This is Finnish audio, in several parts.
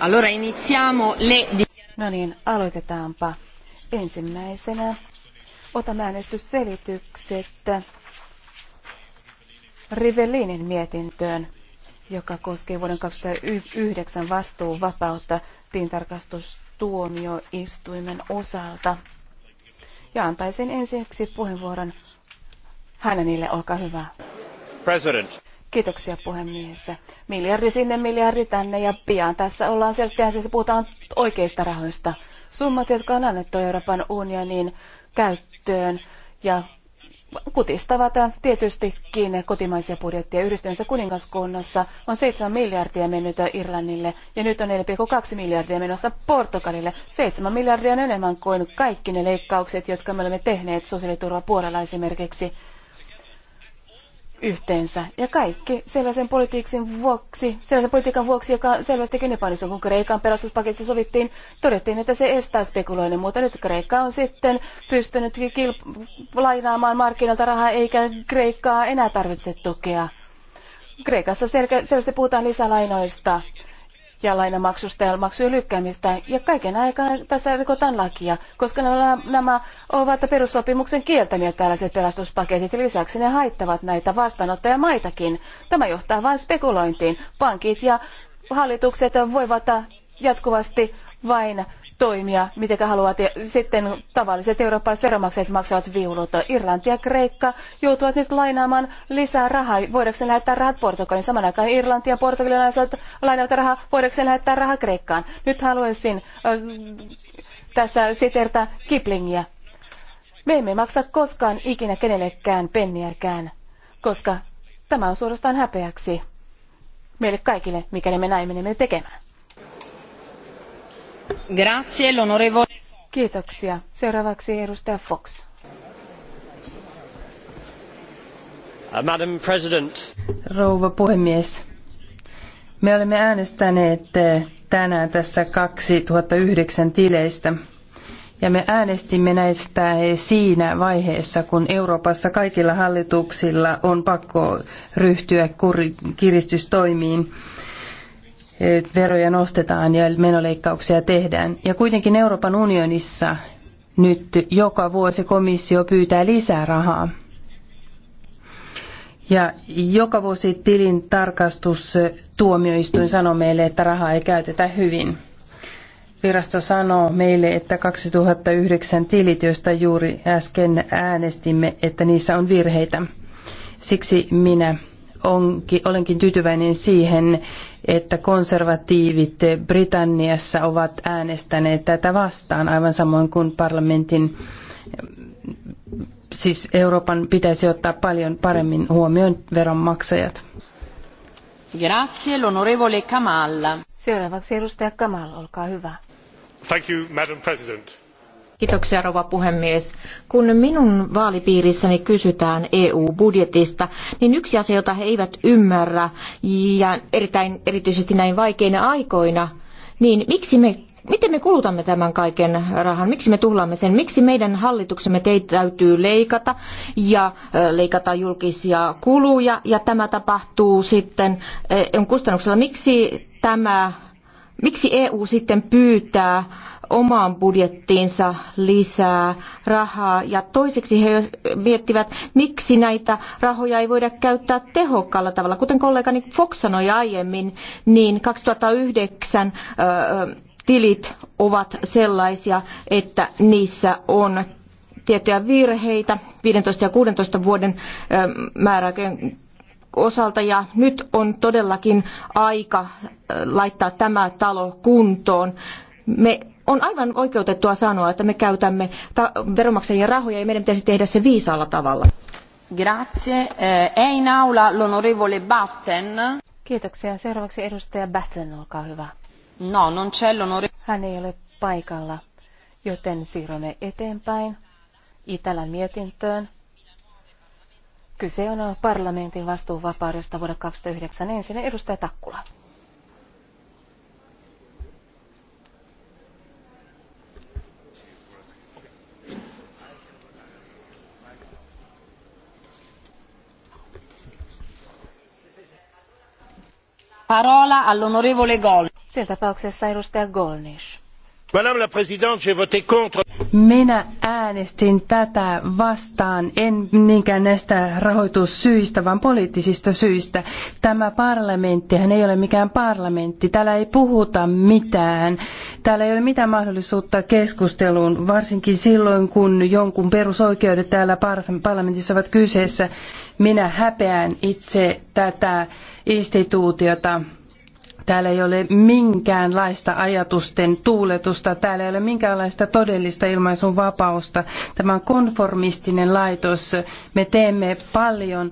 Allora iniziamo le... No niin, aloitetaanpa. Ensimmäisenä otamme äänestysselitykset Rivellinin mietintöön, joka koskee vuoden 2009 vastuuvapautta tintarkastustuomioistuimen osalta. Ja antaisin ensiksi puheenvuoron Hänenille, olkaa hyvä. President. Kiitoksia puhemies. Miljardi sinne, miljardi tänne ja pian tässä ollaan selkeästi, puhutaan oikeista rahoista. Summat, jotka on annettu Euroopan unionin käyttöön ja kutistavat tietystikin kotimaisia budjettia Yhdistyneessä kuningaskunnassa on 7 miljardia mennyt Irlannille ja nyt on 4,2 miljardia menossa Portugalille. 7 miljardia on enemmän kuin kaikki ne leikkaukset, jotka me olemme tehneet sosiaaliturvapuolella esimerkiksi yhteensä. Ja kaikki sellaisen politiikan vuoksi, sellaisen politiikan vuoksi, joka selvästikin epäonnistui, kun Kreikan pelastuspaketista sovittiin, todettiin, että se estää spekuloinnin, mutta nyt Kreikka on sitten pystynyt kilp- lainaamaan markkinoilta rahaa, eikä Kreikkaa enää tarvitse tukea. Kreikassa selkeästi puhutaan lisälainoista ja lainamaksusta ja maksujen lykkäämistä. Ja kaiken aikana tässä rikotaan lakia, koska nämä, nämä ovat perussopimuksen kieltämiä tällaiset pelastuspaketit. Lisäksi ne haittavat näitä vastaanottajamaitakin. Tämä johtaa vain spekulointiin. Pankit ja hallitukset voivat jatkuvasti vain toimia, miten haluat. Ja sitten tavalliset eurooppalaiset veronmaksajat maksavat viulut. Irlanti ja Kreikka joutuvat nyt lainaamaan lisää rahaa. Voidaanko lähettää rahat Portugaliin? Saman aikaan Irlanti ja portugalilaiset lainaavat rahaa. Voidaanko lähettää rahaa Kreikkaan? Nyt haluaisin äh, tässä sitertä Kiplingiä. Me emme maksa koskaan ikinä kenellekään penniäkään, koska tämä on suorastaan häpeäksi meille kaikille, mikäli me näin menemme tekemään. Kiitoksia. Seuraavaksi edustaja Fox. Uh, Madam President. Rouva puhemies. Me olemme äänestäneet eh, tänään tässä 2009 tileistä. Ja me äänestimme näistä eh, siinä vaiheessa, kun Euroopassa kaikilla hallituksilla on pakko ryhtyä kiristystoimiin veroja nostetaan ja menoleikkauksia tehdään. Ja kuitenkin Euroopan unionissa nyt joka vuosi komissio pyytää lisää rahaa. Ja joka vuosi tilin tarkastustuomioistuin sanoo meille, että rahaa ei käytetä hyvin. Virasto sanoo meille, että 2009 tilit, joista juuri äsken äänestimme, että niissä on virheitä. Siksi minä olenkin tyytyväinen siihen, että konservatiivit Britanniassa ovat äänestäneet tätä vastaan, aivan samoin kuin parlamentin, siis Euroopan pitäisi ottaa paljon paremmin huomioon veronmaksajat. Grazie, l'onorevole Kamalla. Seuraavaksi edustaja Kamal, olkaa hyvä. Thank you, Madam President Kiitoksia rouva puhemies. Kun minun vaalipiirissäni kysytään EU-budjetista, niin yksi asia, jota he eivät ymmärrä, ja erittäin, erityisesti näin vaikeina aikoina, niin miksi me Miten me kulutamme tämän kaiken rahan? Miksi me tuhlaamme sen? Miksi meidän hallituksemme teitä täytyy leikata ja leikata julkisia kuluja ja tämä tapahtuu sitten on kustannuksella? Miksi tämä Miksi EU sitten pyytää omaan budjettiinsa lisää rahaa ja toiseksi he miettivät, miksi näitä rahoja ei voida käyttää tehokkaalla tavalla. Kuten kollegani Fox sanoi aiemmin, niin 2009 öö, tilit ovat sellaisia, että niissä on tiettyjä virheitä 15 ja 16 vuoden määräaikojen osalta ja nyt on todellakin aika laittaa tämä talo kuntoon. Me on aivan oikeutettua sanoa, että me käytämme ta- veronmaksajien rahoja ja meidän pitäisi tehdä se viisaalla tavalla. Grazie. Eh, è in aula l'onorevole Batten. Kiitoksia. Seuraavaksi edustaja Batten, olkaa hyvä. No, non c'è l'onorevole. Hän ei ole paikalla, joten siirrymme eteenpäin Itälän mietintöön. Kyse on parlamentin vastuuvapaudesta vuoden 2009 ensin edustaja Takkula. Parola all'onorevole Gol. tapauksessa edustaja Golnish. Madame la présidente, j'ai voté contre. Minä äänestin tätä vastaan, en niinkään näistä rahoitussyistä, vaan poliittisista syistä. Tämä parlamenttihan ei ole mikään parlamentti. Täällä ei puhuta mitään. Täällä ei ole mitään mahdollisuutta keskusteluun, varsinkin silloin, kun jonkun perusoikeudet täällä parlamentissa ovat kyseessä. Minä häpeän itse tätä instituutiota. Täällä ei ole minkäänlaista ajatusten tuuletusta, täällä ei ole minkäänlaista todellista ilmaisun vapausta. Tämä on konformistinen laitos. Me teemme paljon,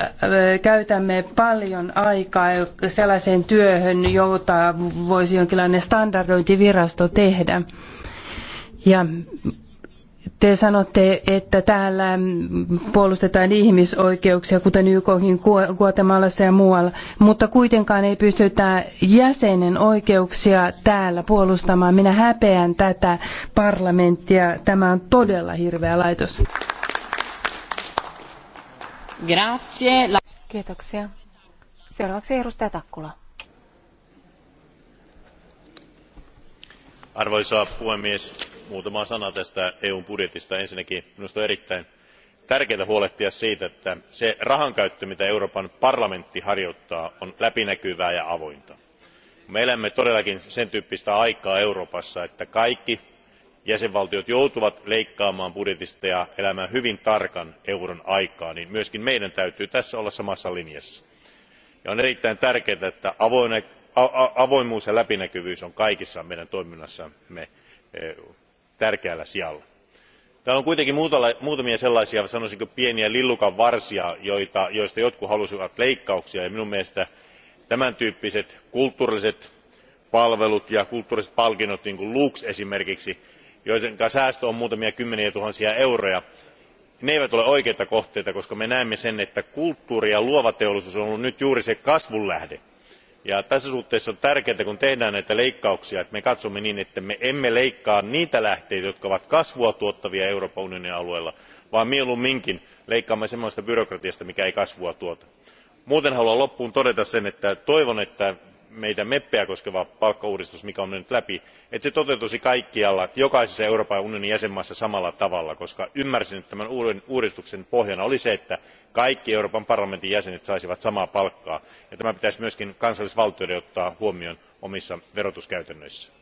äh, äh, käytämme paljon aikaa sellaiseen työhön, jota voisi jonkinlainen standardointivirasto tehdä. Ja te sanotte, että täällä puolustetaan ihmisoikeuksia, kuten YKkin Guatemalassa ja muualla, mutta kuitenkaan ei pystytä jäsenen oikeuksia täällä puolustamaan. Minä häpeän tätä parlamenttia. Tämä on todella hirveä laitos. Grazie. Kiitoksia. Seuraavaksi edustaja Takkula. Arvoisa puhemies, muutama sana tästä eun budjetista. ensinnäkin minusta on erittäin tärkeää huolehtia siitä että se rahankäyttö mitä euroopan parlamentti harjoittaa on läpinäkyvää ja avointa. me elämme todellakin sen tyyppistä aikaa euroopassa että kaikki jäsenvaltiot joutuvat leikkaamaan budjetista ja elämään hyvin tarkan euron aikaa niin myös meidän täytyy tässä olla samassa linjassa. Ja on erittäin tärkeää että avoimuus ja läpinäkyvyys on kaikessa meidän toiminnassamme eh, tärkeällä sijalla. täällä on kuitenkin muutamia sellaisia sanoisinko pieniä lillukanvarsia joista jotkut halusivat leikkauksia ja minun mielestäni tämän tyyppiset kulttuuriset palvelut ja kulttuuriset palkinnot niin kuin lux esimerkiksi joiden säästö on muutamia kymmeniä tuhansia euroja ne eivät ole oikeita kohteita koska me näemme sen että kulttuuri ja luova teollisuus on ollut nyt juuri se kasvun lähde tässä suhteessa on tärkeää kun tehdään näitä leikkauksia että me katsomme niin, että me emme leikkaa niitä lähteitä jotka ovat kasvua tuottavia euroopan unionin alueella vaan mieluumminkin leikkaamme sellaisesta byrokratiasta joka ei kasvua tuota. muuten haluan loppuun todeta sen että toivon että meitä meppejä koskeva palkkauudistus joka on mennyt läpi toteutuisi kaikkialla jokaisessa euroopan unionin jäsenvaltiossa samalla tavalla koska ymmärsin että tämän uudistuksen pohjana oli se että kaikki euroopan parlamentin jäsenet saisivat samaa palkkaa ja tämä pitäisi myös kansallisvaltioiden ottaa huomioon omissa verotuskäytännöissään.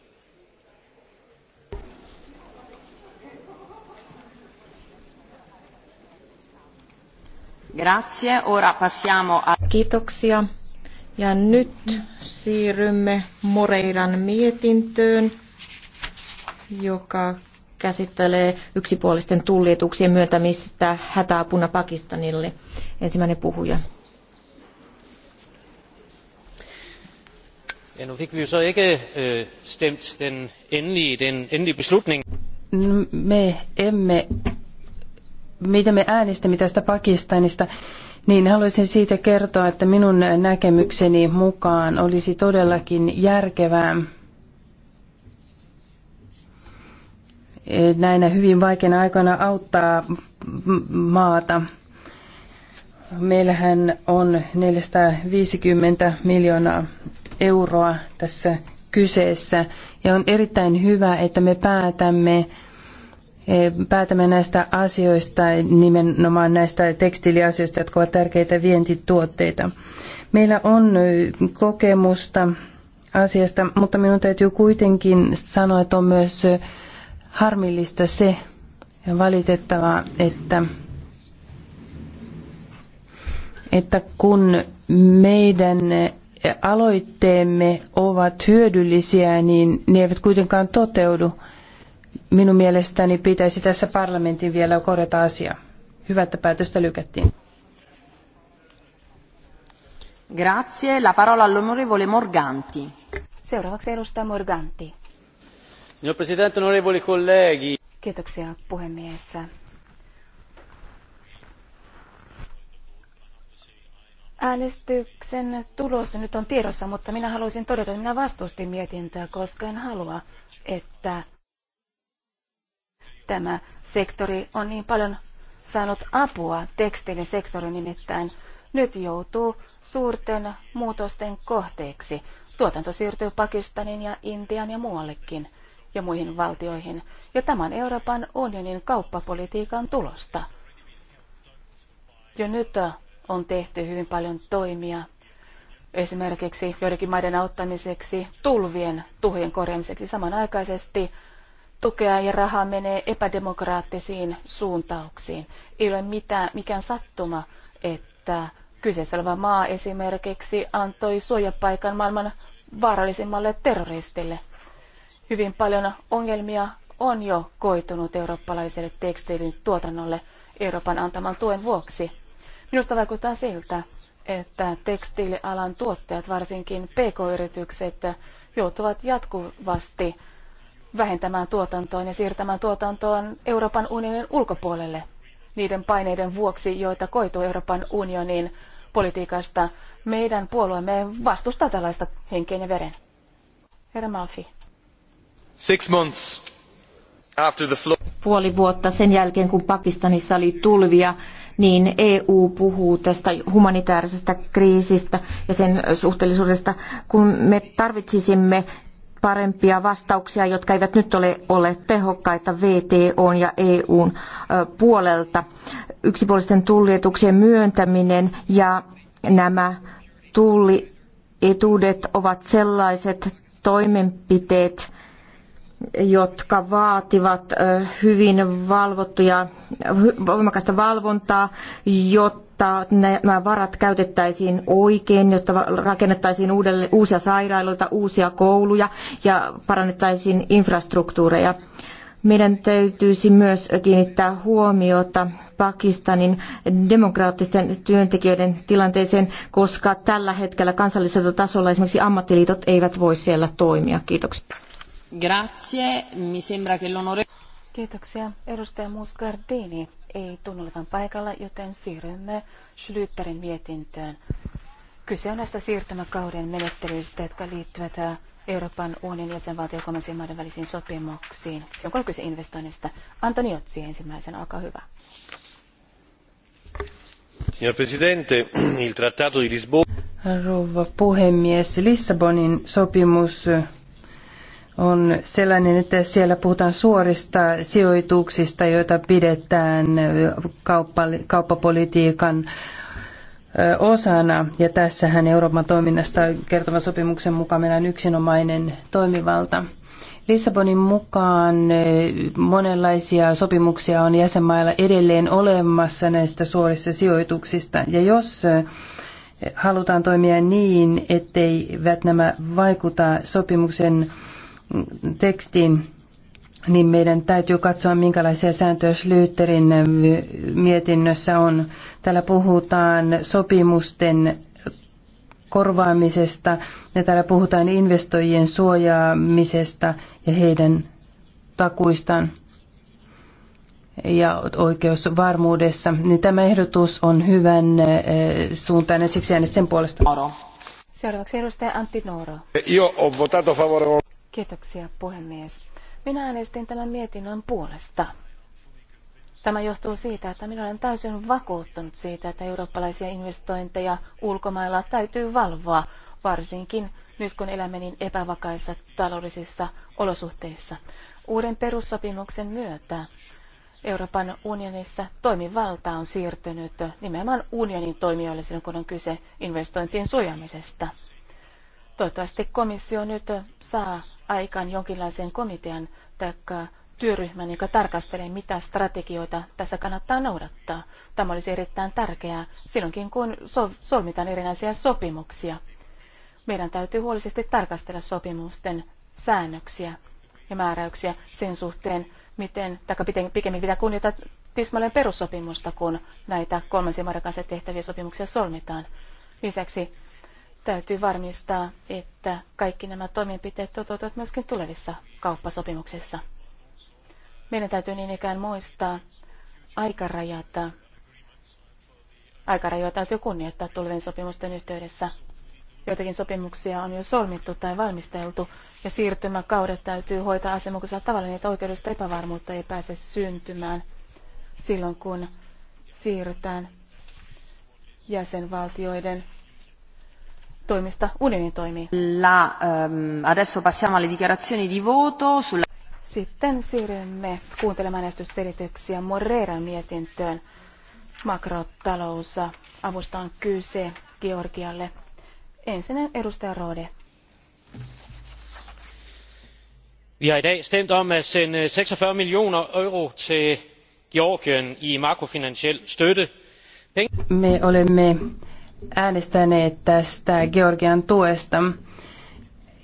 Ja nyt siirrymme Moreiran mietintöön, joka käsittelee yksipuolisten tullietuuksien myöntämistä hätäapuna Pakistanille. Ensimmäinen puhuja. Ja nu fik vi så ikke øh, stemt den endelige, den endelige beslutning. Me emme, mitä me äänestämme tästä Pakistanista, niin, haluaisin siitä kertoa, että minun näkemykseni mukaan olisi todellakin järkevää eh, näinä hyvin vaikeina aikoina auttaa maata. Meillähän on 450 miljoonaa euroa tässä kyseessä ja on erittäin hyvä, että me päätämme päätämme näistä asioista, nimenomaan näistä tekstiiliasioista, jotka ovat tärkeitä vientituotteita. Meillä on kokemusta asiasta, mutta minun täytyy kuitenkin sanoa, että on myös harmillista se ja valitettavaa, että, että kun meidän aloitteemme ovat hyödyllisiä, niin ne eivät kuitenkaan toteudu. Minun mielestäni pitäisi tässä parlamentin vielä korjata asia. Hyvä, että päätöstä lykättiin. Grazie. La parola all'onorevole Morganti. Seuraavaksi edustaja Morganti. Signor Presidente, onorevoli colleghi. Kiitoksia puhemies. Äänestyksen tulos nyt on tiedossa, mutta minä haluaisin todeta, että minä vastustin mietintöä, koska en halua, että Tämä sektori on niin paljon saanut apua, tekstiilisektori nimittäin nyt joutuu suurten muutosten kohteeksi. Tuotanto siirtyy Pakistanin ja Intian ja muuallekin ja muihin valtioihin, ja tämän Euroopan unionin kauppapolitiikan tulosta. Jo nyt on tehty hyvin paljon toimia esimerkiksi joidenkin maiden auttamiseksi tulvien tuhojen korjaamiseksi samanaikaisesti – tukea ja rahaa menee epädemokraattisiin suuntauksiin. Ei ole mitään, mikään sattuma, että kyseessä oleva maa esimerkiksi antoi suojapaikan maailman vaarallisimmalle terroristille. Hyvin paljon ongelmia on jo koitunut eurooppalaiselle tekstiilin tuotannolle Euroopan antaman tuen vuoksi. Minusta vaikuttaa siltä, että tekstiilialan tuottajat, varsinkin pk-yritykset, joutuvat jatkuvasti vähentämään tuotantoon ja siirtämään tuotantoon Euroopan unionin ulkopuolelle niiden paineiden vuoksi, joita koituu Euroopan unionin politiikasta. Meidän puolueemme vastustaa tällaista henkeen ja veren. Herra Malfi. Six months after the flood. Puoli vuotta sen jälkeen, kun Pakistanissa oli tulvia, niin EU puhuu tästä humanitaarisesta kriisistä ja sen suhteellisuudesta, kun me tarvitsisimme parempia vastauksia, jotka eivät nyt ole olleet tehokkaita VTOn ja EUn puolelta. Yksipuolisten tullietuksien myöntäminen ja nämä tullietuudet ovat sellaiset toimenpiteet, jotka vaativat hyvin valvottuja, voimakasta valvontaa, jotta jotta nämä varat käytettäisiin oikein, jotta rakennettaisiin uudelle, uusia sairaaloita, uusia kouluja ja parannettaisiin infrastruktuureja. Meidän täytyisi myös kiinnittää huomiota Pakistanin demokraattisten työntekijöiden tilanteeseen, koska tällä hetkellä kansallisella tasolla esimerkiksi ammattiliitot eivät voi siellä toimia. Kiitoksia. Grazie. Mi sembra che l'onore... Kiitoksia. Edustaja Muscardini ei tunnu olevan paikalla, joten siirrymme Schlüterin mietintöön. Kyse on näistä siirtymäkauden menettelyistä, jotka liittyvät äh, Euroopan unionin jäsenvaltiokomission maiden välisiin sopimuksiin. Se on kyse investoinnista. Antoni Otsi ensimmäisen, olkaa hyvä. Signor Presidente, il Trattato di Lisbona... Rouva puhemies, Lissabonin sopimus on sellainen, että siellä puhutaan suorista sijoituksista, joita pidetään kauppapolitiikan osana. Ja tässähän Euroopan toiminnasta kertovan sopimuksen mukaan meillä on yksinomainen toimivalta. Lissabonin mukaan monenlaisia sopimuksia on jäsenmailla edelleen olemassa näistä suorissa sijoituksista. Ja jos halutaan toimia niin, etteivät nämä vaikuta sopimuksen tekstiin, niin meidän täytyy katsoa, minkälaisia sääntöjä Slyterin mietinnössä on. Täällä puhutaan sopimusten korvaamisesta ja täällä puhutaan investoijien suojaamisesta ja heidän takuistaan ja oikeusvarmuudessa, niin tämä ehdotus on hyvän eh, suuntainen, siksi äänestän sen puolesta. Seuraavaksi edustaja Antti Nooro. Io ho votato favorevole. Kiitoksia puhemies. Minä äänestin tämän mietinnön puolesta. Tämä johtuu siitä, että minä olen täysin vakuuttunut siitä, että eurooppalaisia investointeja ulkomailla täytyy valvoa, varsinkin nyt kun elämme niin epävakaissa taloudellisissa olosuhteissa. Uuden perussopimuksen myötä Euroopan unionissa toimivalta on siirtynyt nimenomaan unionin toimijoille silloin, kun on kyse investointien suojaamisesta. Toivottavasti komissio nyt saa aikaan jonkinlaisen komitean tai työryhmän, joka tarkastelee, mitä strategioita tässä kannattaa noudattaa. Tämä olisi erittäin tärkeää silloinkin, kun solmitaan erinäisiä sopimuksia. Meidän täytyy huolellisesti tarkastella sopimusten säännöksiä ja määräyksiä sen suhteen, miten, tai pikemminkin pitää kunnioittaa tismalleen perussopimusta, kun näitä kolmansien maiden kanssa tehtäviä sopimuksia solmitaan. Lisäksi Täytyy varmistaa, että kaikki nämä toimenpiteet toteutuvat myöskin tulevissa kauppasopimuksissa. Meidän täytyy niin ikään muistaa aikarajata. Aikarajoja täytyy kunnioittaa tulevien sopimusten yhteydessä. Joitakin sopimuksia on jo solmittu tai valmisteltu, ja siirtymäkaudet täytyy hoitaa asianmukaisella tavalla, niin että oikeudellista epävarmuutta ei pääse syntymään silloin, kun siirrytään jäsenvaltioiden toimista unionin toimii. La, um, adesso passiamo alle dichiarazioni di voto sulla... Sitten siirrymme kuuntelemaan äänestysselityksiä Morreran mietintöön. Makrotalous avustaan kyse Georgialle. Ensin edustaja Rode. Vi har i dag stemt om at sende 46 millioner euro til Georgien i makrofinansiel støtte. Me olemme äänestäneet tästä Georgian tuesta.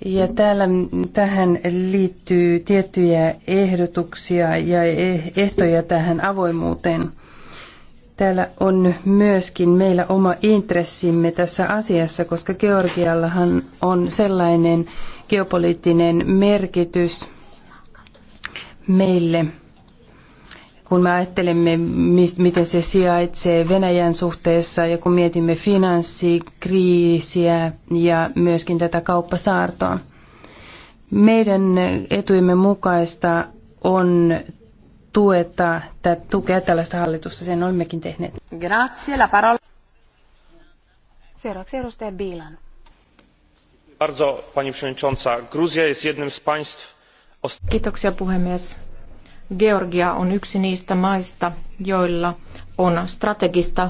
Ja täällä tähän liittyy tiettyjä ehdotuksia ja eh-, ehtoja tähän avoimuuteen. Täällä on myöskin meillä oma intressimme tässä asiassa, koska Georgiallahan on sellainen geopoliittinen merkitys meille – kun me ajattelemme, miten se sijaitsee Venäjän suhteessa ja kun mietimme finanssikriisiä ja myöskin tätä kauppasaartoa. Meidän etuimme mukaista on tueta, tukea tällaista hallitusta, sen olemmekin tehneet. Grazie, la parola. Seuraavaksi edustaja Biilan. Bardzo, pani przewodnicząca. Gruzja jest jednym z państw... Kiitoksia puhemies. Georgia on yksi niistä maista, joilla on strategista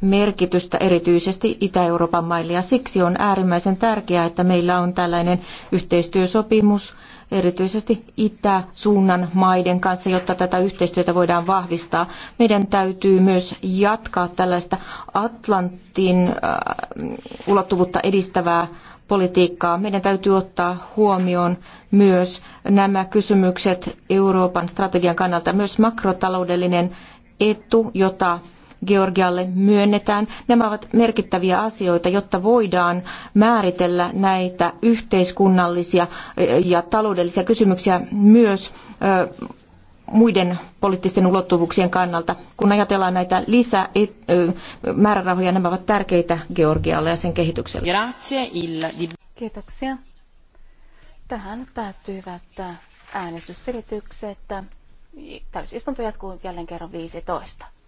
merkitystä erityisesti Itä-Euroopan maille ja siksi on äärimmäisen tärkeää, että meillä on tällainen yhteistyösopimus erityisesti Itä-suunnan maiden kanssa, jotta tätä yhteistyötä voidaan vahvistaa. Meidän täytyy myös jatkaa tällaista Atlantin äh, ulottuvuutta edistävää politiikkaa. Meidän täytyy ottaa huomioon myös nämä kysymykset Euroopan strategian kannalta, myös makrotaloudellinen etu, jota Georgialle myönnetään. Nämä ovat merkittäviä asioita, jotta voidaan määritellä näitä yhteiskunnallisia ja taloudellisia kysymyksiä myös muiden poliittisten ulottuvuuksien kannalta. Kun ajatellaan näitä lisämäärärahoja, e, nämä ovat tärkeitä Georgialle ja sen kehitykselle. Kiitoksia. Tähän päättyivät äänestysselitykset. Täysistunto jatkuu jälleen kerran 15.